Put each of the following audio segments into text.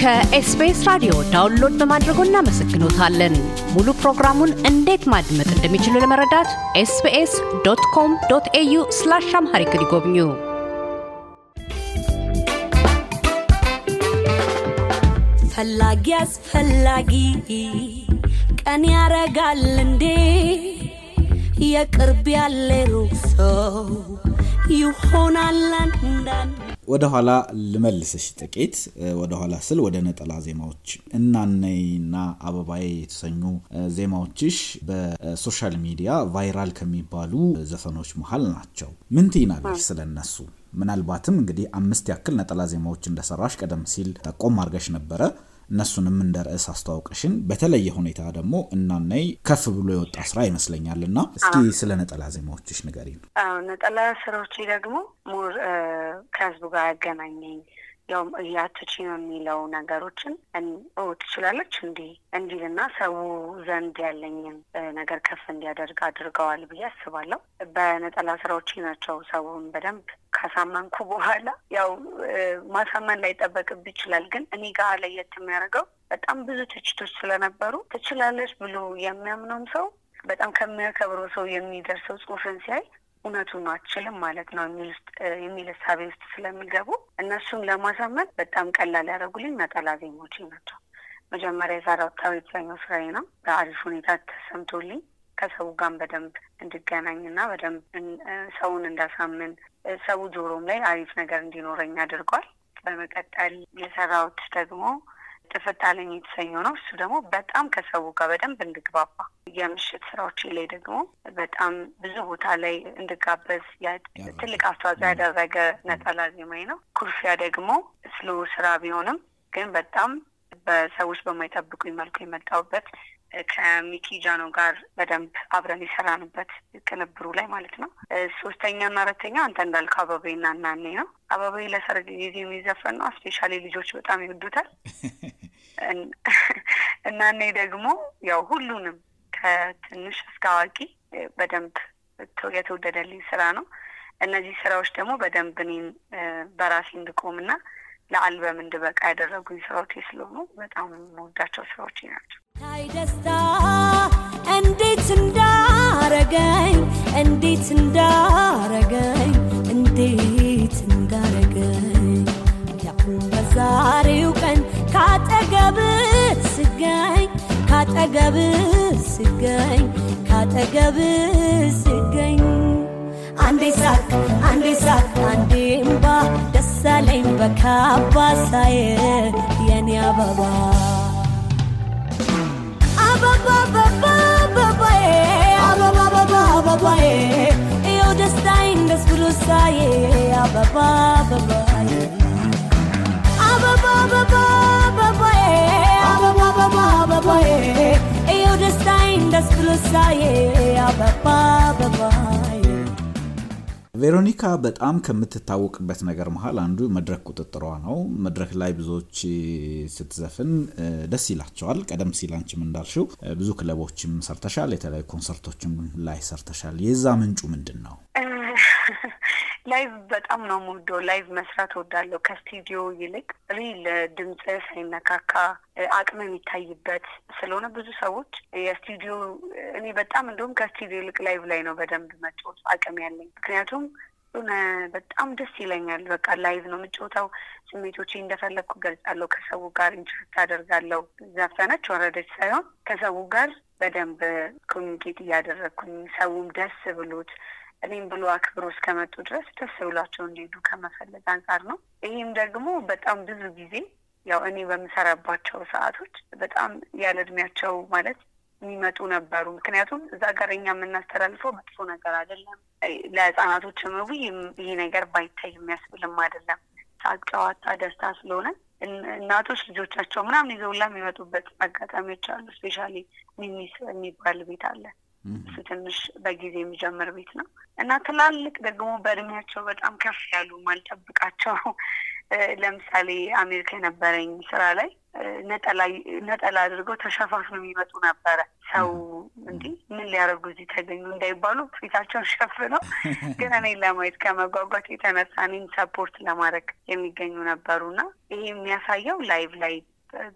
ከኤስቢኤስ ራዲዮ ዳውንሎድ በማድረጎ እናመሰግኖታለን። ሙሉ ፕሮግራሙን እንዴት ማድመጥ እንደሚችሉ ለመረዳት ኤስቢኤስ ዶት ኮም ዶት ኤዩ ስላሽ አምሃሪክ ይጎብኙ። ፈላጊ አስፈላጊ ቀን ያረጋል እንዴ የቅርብ ያለ ሩቅ ሰው ወደ ኋላ ልመልስሽ ጥቂት። ወደ ኋላ ስል ወደ ነጠላ ዜማዎች እናነይና አበባዬ የተሰኙ ዜማዎችሽ በሶሻል ሚዲያ ቫይራል ከሚባሉ ዘፈኖች መሀል ናቸው። ምን ትይናለሽ ስለነሱ? ምናልባትም እንግዲህ አምስት ያክል ነጠላ ዜማዎች እንደሰራሽ ቀደም ሲል ጠቆም አድርገሽ ነበረ። እነሱንም እንደ ርዕስ አስተዋውቅሽን በተለየ ሁኔታ ደግሞ እናናይ ከፍ ብሎ የወጣ ስራ ይመስለኛል እና እስኪ ስለ ነጠላ ዜማዎችሽ ንገሪኝ። ነጠላ ስራዎች ደግሞ ሙር ከህዝቡ ጋር ያገናኘኝ ያው እዚህ ነው የሚለው ነገሮችን ትችላለች እንዲህ እንዲልና ሰው ዘንድ ያለኝን ነገር ከፍ እንዲያደርግ አድርገዋል ብዬ አስባለሁ። በነጠላ ስራዎች ናቸው ሰውን በደንብ ካሳመንኩ በኋላ ያው ማሳመን ላይ ይችላል። ግን እኔ ጋር ለየት የሚያደርገው በጣም ብዙ ትችቶች ስለነበሩ ትችላለች ብሎ የሚያምነውም ሰው በጣም ከሚያከብረው ሰው የሚደርሰው ጽሑፍን ሲያይ እውነቱን ነው አችልም ማለት ነው የሚል እሳቤ ውስጥ ስለሚገቡ እነሱን ለማሳመን በጣም ቀላል ያደረጉልኝ ነጠላ ዜማዎቼ ናቸው። መጀመሪያ የዛሬ ወጣዊ ስራዬ ነው። በአሪፍ ሁኔታ ተሰምቶልኝ ከሰው ጋር በደንብ እንድገናኝና በደንብ ሰውን እንዳሳምን ሰው ጆሮም ላይ አሪፍ ነገር እንዲኖረኝ አድርጓል። በመቀጠል የሰራሁት ደግሞ ትፈታለኝ የተሰኘው ነው። እሱ ደግሞ በጣም ከሰው ጋር በደንብ እንድግባባ የምሽት ስራዎች ላይ ደግሞ በጣም ብዙ ቦታ ላይ እንድጋበዝ ትልቅ አስተዋጽኦ ያደረገ ነጠላ ዜማዬ ነው። ኩርፊያ ደግሞ ስሎ ስራ ቢሆንም ግን በጣም በሰዎች በማይጠብቁኝ መልኩ የመጣሁበት ከሚኪ ጃኖ ጋር በደንብ አብረን የሰራንበት ቅንብሩ ላይ ማለት ነው። ሶስተኛ እና አራተኛ አንተ እንዳልከው አበበይ እና እናኔ ነው። አበበይ ለሰርግ ጊዜ የሚዘፈን ነው። ስፔሻሊ ልጆች በጣም ይወዱታል። እና እኔ ደግሞ ያው ሁሉንም ከትንሽ እስከ አዋቂ በደንብ የተወደደልኝ ስራ ነው። እነዚህ ስራዎች ደግሞ በደንብ እኔን በራሴ እንድቆምና ለአልበም እንድበቃ ያደረጉኝ ስራዎች ስለሆኑ በጣም መወዳቸው ስራዎች ናቸው። ታይ ደስታ እንዴት እንዳረገኝ እንዴት እንዳረገኝ እንዴት እንዳረገኝ ያሁን በዛሬው ካጠገብ ስገኝ ካጠገብ ስገኝ ካጠገብ ስገኝ አንዴ ሳቅ አንዴ ሳቅ አንዴ እምባ በካባ ሳየ የኔ አበባ አበባ አበባ አበባዬ አበባ አበባ አበባዬ ደስ ብሎ ሳየ አበባ አበባ ቬሮኒካ በጣም ከምትታወቅበት ነገር መሀል አንዱ መድረክ ቁጥጥሯ ነው። መድረክ ላይ ብዙዎች ስትዘፍን ደስ ይላቸዋል። ቀደም ሲል አንቺም እንዳልሽው ብዙ ክለቦችም ሰርተሻል፣ የተለያዩ ኮንሰርቶችም ላይ ሰርተሻል። የዛ ምንጩ ምንድን ነው? ላይቭ በጣም ነው የምወደው። ላይቭ መስራት እወዳለሁ ከስቱዲዮ ይልቅ ሪል ድምፅ ሳይነካካ አቅም የሚታይበት ስለሆነ ብዙ ሰዎች የስቱዲዮ እኔ በጣም እንደውም ከስቱዲዮ ይልቅ ላይቭ ላይ ነው በደንብ መጫወት አቅም ያለኝ ምክንያቱም በጣም ደስ ይለኛል። በቃ ላይቭ ነው የምጫወተው። ስሜቶቼ እንደፈለግኩ ገልጻለሁ። ከሰው ጋር ኢንትረስት አደርጋለሁ። ዘፈነች ወረደች ሳይሆን ከሰው ጋር በደንብ ኮሚኒኬት እያደረግኩኝ ሰውም ደስ ብሎት እኔም ብሎ አክብሮ እስከመጡ ድረስ ደስ ብሏቸው እንዲሄዱ ከመፈለግ አንጻር ነው። ይህም ደግሞ በጣም ብዙ ጊዜ ያው እኔ በምሰራባቸው ሰዓቶች በጣም ያለ እድሜያቸው ማለት የሚመጡ ነበሩ። ምክንያቱም እዛ ጋር እኛ የምናስተላልፈው መጥፎ ነገር አይደለም። ለህፃናቶች ምዊ ይሄ ነገር ባይታይ የሚያስብልም አይደለም። ሳቅ፣ ጨዋታ፣ ደስታ ስለሆነ እናቶች ልጆቻቸው ምናምን ይዘውላ የሚመጡበት አጋጣሚዎች አሉ። ስፔሻሊ ሚኒስ የሚባል ቤት አለ እሱ ትንሽ በጊዜ የሚጀምር ቤት ነው እና ትላልቅ ደግሞ በእድሜያቸው በጣም ከፍ ያሉ ማልጠብቃቸው ለምሳሌ አሜሪካ የነበረኝ ስራ ላይ ነጠላ አድርገው ተሸፋፍነው የሚመጡ ነበረ። ሰው እንዲህ ምን ሊያደርጉ እዚህ ተገኙ እንዳይባሉ ፊታቸውን ሸፍነው፣ ግን እኔ ለማየት ከመጓጓት የተነሳ እኔን ሰፖርት ለማድረግ የሚገኙ ነበሩና ይሄ የሚያሳየው ላይቭ ላይ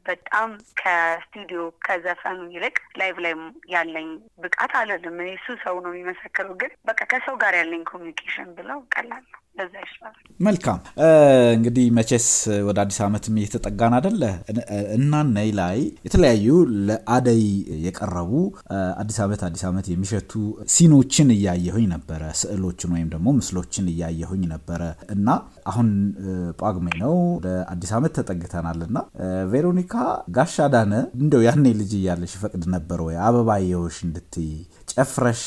በጣም ከስቱዲዮ ከዘፈኑ ይልቅ ላይቭ ላይ ያለኝ ብቃት አለልም እሱ ሰው ነው የሚመሰክረው። ግን በቃ ከሰው ጋር ያለኝ ኮሚኒኬሽን ብለው ቀላል ነው። ይሻላል። መልካም እንግዲህ መቼስ ወደ አዲስ ዓመትም እየተጠጋን አደለ። እናነይ ላይ የተለያዩ ለአደይ የቀረቡ አዲስ ዓመት አዲስ ዓመት የሚሸቱ ሲኖችን እያየሁኝ ነበረ፣ ስዕሎችን ወይም ደግሞ ምስሎችን እያየሁኝ ነበረ እና አሁን ጳጉሜ ነው፣ ወደ አዲስ ዓመት ተጠግተናል እና ቬሮኒካ ጋሻ ዳነ እንደው ያኔ ልጅ እያለሽ ይፈቅድ ነበር ወይ አበባየሁሽ እንድትይ ጨፍረሽ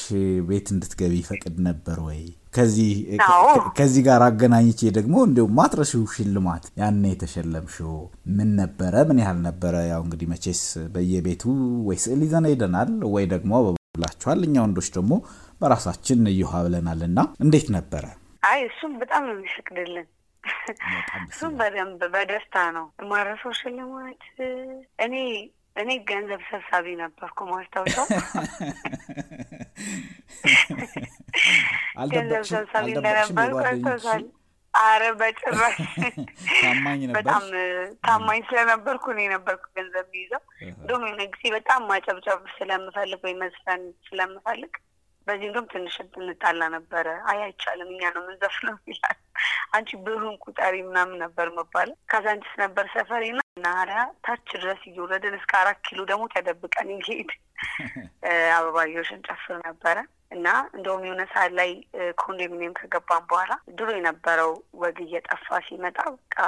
ቤት እንድትገቢ ይፈቅድ ነበር ወይ? ከዚህ ጋር አገናኝቼ ደግሞ እንዲሁ ማትረሺው ሽልማት ያኔ የተሸለምሽው ምን ነበረ? ምን ያህል ነበረ? ያው እንግዲህ መቼስ በየቤቱ ወይ ስዕል ይዘን ሄደናል ወይ ደግሞ ብላችኋል። እኛ ወንዶች ደግሞ በራሳችን እየውሃ ብለናል። እና እንዴት ነበረ? አይ እሱም በጣም ነው የሚፈቅድልን እሱም በደንብ በደስታ ነው ማረሰው ሽልማት እኔ እኔ ገንዘብ ሰብሳቢ ነበርኩ ማስታውሰው። ገንዘብ ሰብሳቢ እንደነበር ቆይቶታል። አረ በጭራሽ ታማኝ ነበር። በጣም ታማኝ ስለነበርኩ እኔ ነበርኩ ገንዘብ ይዘው። እንዲሁም የሆነ ጊዜ በጣም ማጨብጨብ ስለምፈልግ ወይ መዝፈን ስለምፈልግ በዚህም እንደውም ትንሽ እንጣላ ነበረ። አይ አይቻልም፣ እኛ ነው ምንዘፍ ነው ይላል። አንቺ ብሩን ቁጠሪ ምናምን ነበር መባል ከዛንቺስ ነበር ሰፈሬ ናሪያ ታች ድረስ እየወረድን እስከ አራት ኪሎ ደግሞ ተደብቀን እንሄድ አበባዮሽን ጨፍር ነበረ እና እንደውም የሆነ ሰዓት ላይ ኮንዶሚኒየም ከገባን በኋላ ድሮ የነበረው ወግ እየጠፋ ሲመጣ በቃ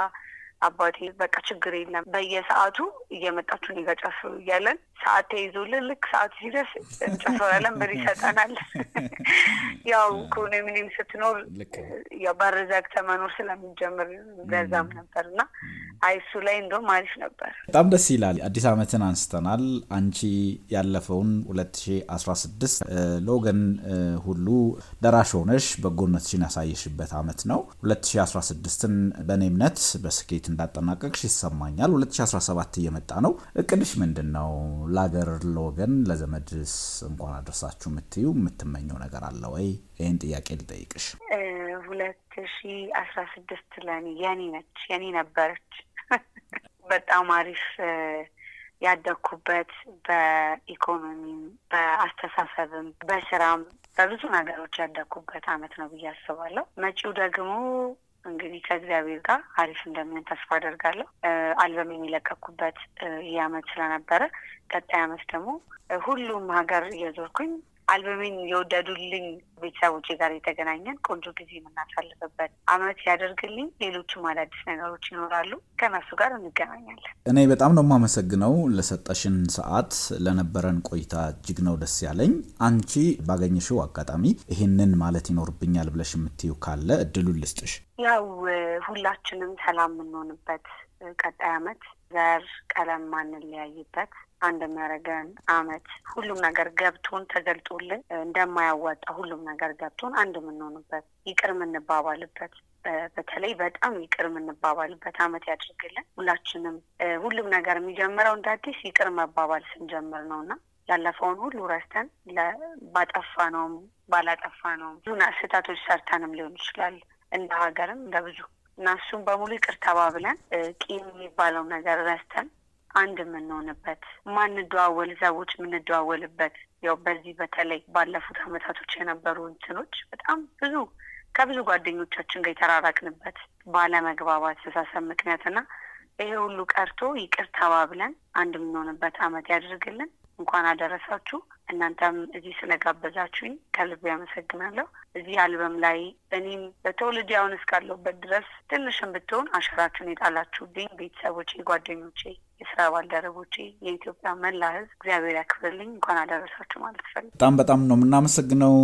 አባቴ በቃ ችግር የለም በየሰዓቱ እየመጣችሁ እኔ ጋር ጨፍሩ እያለን ሰዓት ተይዞልን ልክ ሰዓቱ ሲደርስ እንጨፍራለን፣ ብር ይሰጠናል። ያው ኮንዶሚኒየም ስትኖር በር ዘግተህ መኖር ስለምንጀምር በዛም ነበር እና አይሱ ላይ እንደውም አሪፍ ነበር። በጣም ደስ ይላል። አዲስ ዓመትን አንስተናል። አንቺ ያለፈውን 2016 ለወገን ሁሉ ደራሽ ሆነሽ በጎነትሽን ያሳየሽበት አመት ነው። 2016ን በእኔ እምነት በስኬት እንዳጠናቀቅሽ ይሰማኛል። 2017 እየመጣ ነው። እቅድሽ ምንድን ነው? ለሀገር፣ ለወገን፣ ለዘመድስ እንኳን አደረሳችሁ የምትዩ የምትመኘው ነገር አለ ወይ? ይህን ጥያቄ ልጠይቅሽ። ሁለት ሺ አስራ ስድስት ለኔ የኔ ነች የኔ ነበረች በጣም አሪፍ ያደግኩበት በኢኮኖሚም በአስተሳሰብም በስራም በብዙ ነገሮች ያደግኩበት አመት ነው ብዬ አስባለሁ። መጪው ደግሞ እንግዲህ ከእግዚአብሔር ጋር አሪፍ እንደሚሆን ተስፋ አደርጋለሁ። አልበም የሚለቀኩበት ይህ አመት ስለነበረ ቀጣይ አመት ደግሞ ሁሉም ሀገር እየዞርኩኝ አልበሜን የወደዱልኝ ቤተሰቦች ጋር የተገናኘን ቆንጆ ጊዜ የምናሳልፍበት አመት ያደርግልኝ። ሌሎችም አዳዲስ ነገሮች ይኖራሉ፣ ከነሱ ጋር እንገናኛለን። እኔ በጣም ነው የማመሰግነው ለሰጠሽን ሰዓት፣ ለነበረን ቆይታ እጅግ ነው ደስ ያለኝ። አንቺ ባገኘሽው አጋጣሚ ይህንን ማለት ይኖርብኛል ብለሽ የምትዩ ካለ እድሉን ልስጥሽ። ያው ሁላችንም ሰላም የምንሆንበት ቀጣይ አመት ዘር ቀለም ማንለያይበት እንደሚያደርገን አመት ሁሉም ነገር ገብቶን ተገልጦልን እንደማያዋጣ ሁሉም ነገር ገብቶን አንድ የምንሆንበት ይቅር የምንባባልበት በተለይ በጣም ይቅር የምንባባልበት አመት ያድርግልን። ሁላችንም ሁሉም ነገር የሚጀምረው እንደ አዲስ ይቅር መባባል ስንጀምር ነው እና ያለፈውን ሁሉ ረስተን ባጠፋ ነውም ባላጠፋ ነውም ብዙ ስህተቶች ሰርተንም ሊሆን ይችላል እንደ ሀገርም እንደ ብዙ እና እሱም በሙሉ ይቅር ተባብለን ቂም የሚባለው ነገር ረስተን አንድ የምንሆንበት ማንደዋወል እዛ ውጭ የምንደዋወልበት ያው በዚህ በተለይ ባለፉት አመታቶች የነበሩ እንትኖች በጣም ብዙ ከብዙ ጓደኞቻችን ጋር የተራራቅንበት ባለመግባባት አስተሳሰብ ምክንያትና ይሄ ሁሉ ቀርቶ ይቅር ተባብለን አንድ የምንሆንበት አመት ያድርግልን። እንኳን አደረሳችሁ። እናንተም እዚህ ስለጋበዛችሁኝ ከልብ ያመሰግናለሁ። እዚህ አልበም ላይ እኔም በተወልድ አሁን እስካለሁበት ድረስ ትንሽም ብትሆን አሻራችሁን የጣላችሁብኝ ቤተሰቦቼ፣ ጓደኞቼ የስራ ባልደረቦቼ፣ የኢትዮጵያ መላ ህዝብ እግዚአብሔር ያክብርልኝ። እንኳን አደረሳችሁ ማለት ፈል በጣም በጣም ነው የምናመሰግነው።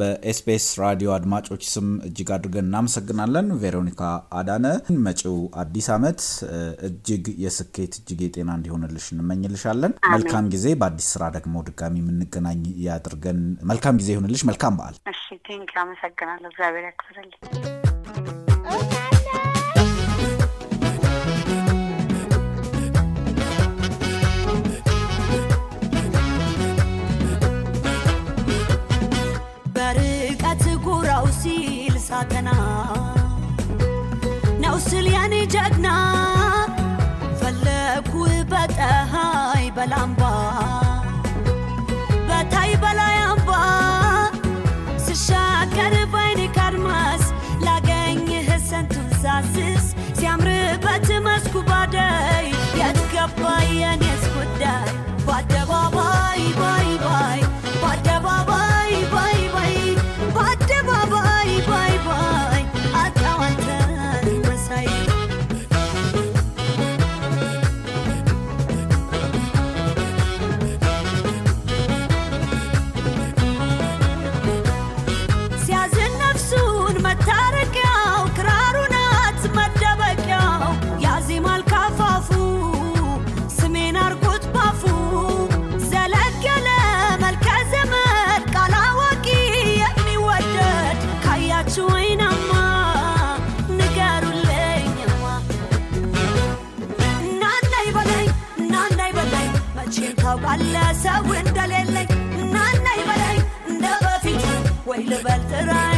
በኤስቢኤስ ራዲዮ አድማጮች ስም እጅግ አድርገን እናመሰግናለን። ቬሮኒካ አዳነ፣ መጪው አዲስ አመት እጅግ የስኬት እጅግ የጤና እንዲሆንልሽ እንመኝልሻለን። መልካም ጊዜ። በአዲስ ስራ ደግሞ ድጋሚ የምንገናኝ ያድርገን። መልካም ጊዜ ይሆንልሽ። መልካም በዓል። እሺ፣ ቴንኪው። አመሰግናለሁ። እግዚአብሔር ያክብርልኝ። ሰው እንደሌለኝ እናና ይበለኝ እንደ በፊቱ ወይ ልበል ጥራይ